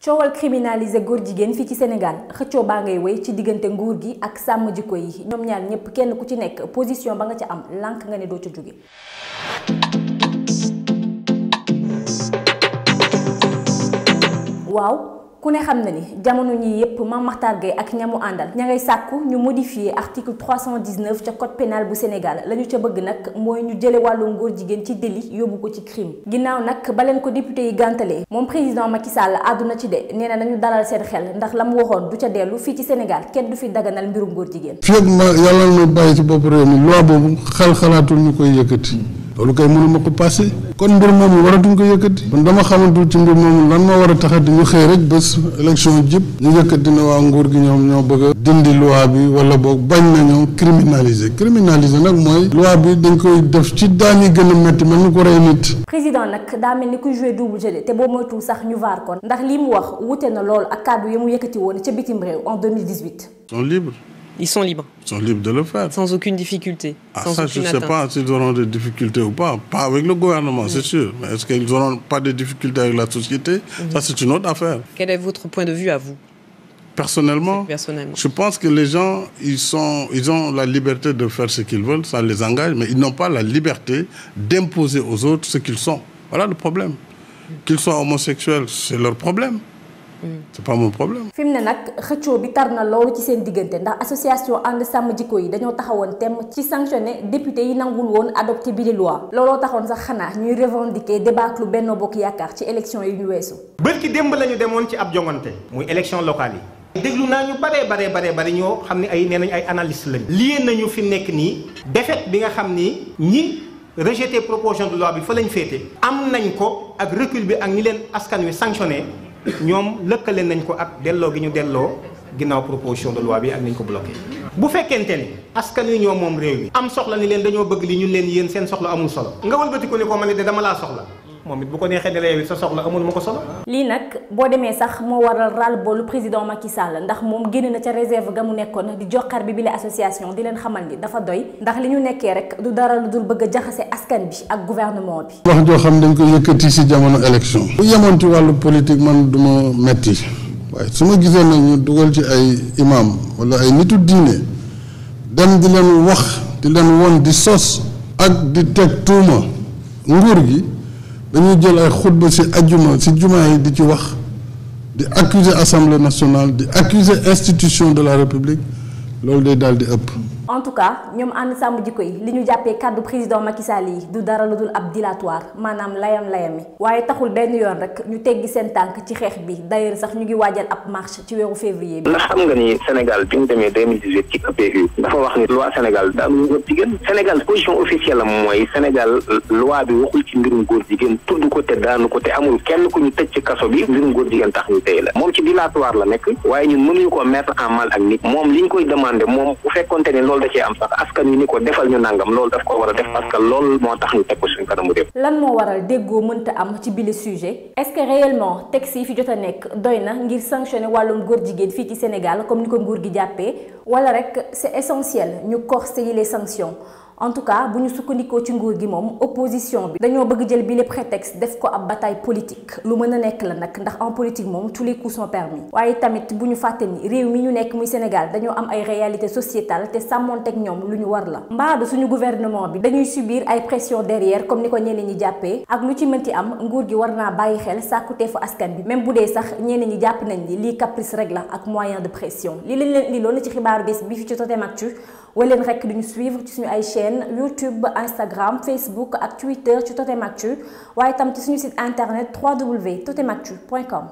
coowal criminalisé góor jigéen fii ci Sénégal xëccoo baa ngay wéy ci diggante nguur gi ak sàmm jikko yi ñoom ñaar ñépp kenn ku ci nekk position ba nga ca am lànk nga ne doo ca jóge waaw ku ne xam na ni jamono ñi yépp Mame Mactar Gueye ak ñamu àndal ña ngay sàkku ñu modifier article 319 ca code pénal bu Sénégal la ñu ca bëgg nag mooy ñu jële wàllu ngóor jigéen ci délit yóbbu ko ci crime ginnaaw nag ba leen ko député yi gàntalee moom président ma Macky Sall àdduna ci de nee na nañu dalal seen xel ndax la mu waxoon du ca dellu fii ci Sénégal kenn du fi daganal mbiru ngóor jigéen fii ak ma yàlla na bàyyi ci bopp réew mi loi boobu xel xalaatul ñu koy yëkkati loolu kay mënuma ko kon mbir moomu waratuñ ko yëkkati kon dama xamantul ci mbir moomu lan moo war a tax di ñu xëy rek bés élection jëpp ñu yëkkati na waa nguur gi ñoom ñoo bëgg a dindi loi bi wala boog bañ nañoo criminaliser criminaliser nag mooy loi bi dañ koy def ci daan yi gën a métti mel ni ko rey nit. président nag daa mel ni ku joué double jeu te boo moytuwul sax ñu vaar kon ndax li mu wax wute na lool ak kàddu yi mu yëkkati woon ca bitim réew en 2018. sont libres. Ils sont libres. Ils sont libres de le faire. Sans aucune difficulté. Ah, ça, je ne sais pas s'ils auront des difficultés ou pas. Pas avec le gouvernement, c'est mm. sûr. Mais est-ce qu'ils n'auront pas de difficultés avec la société mm-hmm. Ça, c'est une autre affaire. Quel est votre point de vue à vous Personnellement, personnellement, je pense que les gens, ils, sont, ils ont la liberté de faire ce qu'ils veulent, ça les engage, mais ils n'ont pas la liberté d'imposer aux autres ce qu'ils sont. Voilà le problème. Qu'ils soient homosexuels, c'est leur problème c'est pas mon problème. fi mu ne nag bi tarna lolu ci sen diggante ndax association ànd sàmm jikko yi dañu taxawoon tém ci sanctionner député yi nangul won adopter bi di loi. lolu taxone sax xana ñuy revendiquer débâcle Benno Bokk Yaakaar ci élection yi ñu weesu. bërki démb la ñu demoon ci ab jongonté muy élection locale yi. déglu na ñu baree baree baree bari ñoo xamni ay nee ay analyste lañu. lié nañu fi nekk ni défaite bi nga xamni ni ñi rejeter proposition de loi bi fa lañ fété am nañ ko ak recul bi ak ñi leen askan wi sanctionné ñoom lëkkale nañ ko ak delloo gi ñu delloo ginnaaw proposition de loi bi ak nañ ko bloqué. bu fekkente ni askan wi ñoo moom réew mi. am soxla ni leen dañoo bëgg li ñu leen yéen seen soxla amul solo. nga wëlbati ko ni ko ma ne de dama laa soxla. moom it bu ko neexee di la yow it sa soxla ma ko solo. lii nag boo demee sax moo waral ral boolu président Macky Sall ndax moom génn na ca réserve ga mu nekkoon di joxar bi bile association di leen xamal ni dafa doy ndax li ñu nekkee rek du dara lu dul bëgg a jaxase askan bi ak gouvernement bi. wax joo xam dañ ko yëkkati si jamono élection. bu yemoon ci wàllu politique man du ma metti waaye su ma gisoon nag ñu dugal ci ay imam wala ay nitu diine dem di leen wax di leen won di sos ak di teg tuuma nguur gi. dañuy jël ay xutba ci ajjuma ci jumaa yi di ci wax di accuser assemblée nationale di accuser institution de la république loolu day daal di ëpp en tout cas ñoom ànd sàmm jikko yi li ñu jàppee kàddu président Macky du dara lu dul ab dilatoire maanaam layam-layami waaye taxul benn yoon rek ñu teggi seen tànk ci xeex bi d'ailleurs sax ñu ngi waajal ab marche ci weeru février bi. ndax xam nga ni Sénégal bi ñu demee 2018 ci EPU dafa wax ni loi Sénégal daa am góor Sénégal daanu ko te amul kenn ku ñu tëj ci kaso bi mbirum góor jigéen tax ñu tey la moom ci dilatoire la nekk waaye ñun mënuñu ko mettre loolu da cee am sax askan wi ni ko defal ñu nangam loolu daf ko war a def parce que loolu moo tax ñu teg ko suñ kanamu réew. lan moo waral déggoo mënta am ci bile sujet est-ce que réellement texte yi fi jot a nekk doy na ngir sanctionner wàllum góor jigéen fii ci Sénégal comme ni ko nguur gi jàppee wala rek c'est essentiel ñu corser les sanctions en tout cas bu ñu sukkandikoo ci nguur gi moom opposition bi dañoo bëgg jël bi le prétexte def ko ab bataille politique lu mën a nekk la nag ndax en politique moom tous les coups sont permis waaye tamit bu ñu fàtte ni réew mi ñu nekk muy Sénégal dañoo am ay réalité sociétale te sàmmoonteeg ñoom lu ñu war la mbaadu suñu gouvernement bi dañuy subir ay pression derrière comme ni ko ñeneen ñi jàppee ak lu ci mënti am nguur gi war naa bàyyi xel sàkkuteefu askan bi même bu dee sax ñeneen ñi jàpp nañ ni lii caprice rek la ak moyen de pression li lañ leen li loolu ci xibaaru bés bi fi ci Totem Actu way rek nous suivre ci suñu ay chaîne YouTube Instagram Facebook ak Twitter ci Totem Actu waaye tam ci suñu site internet www.totemactu.com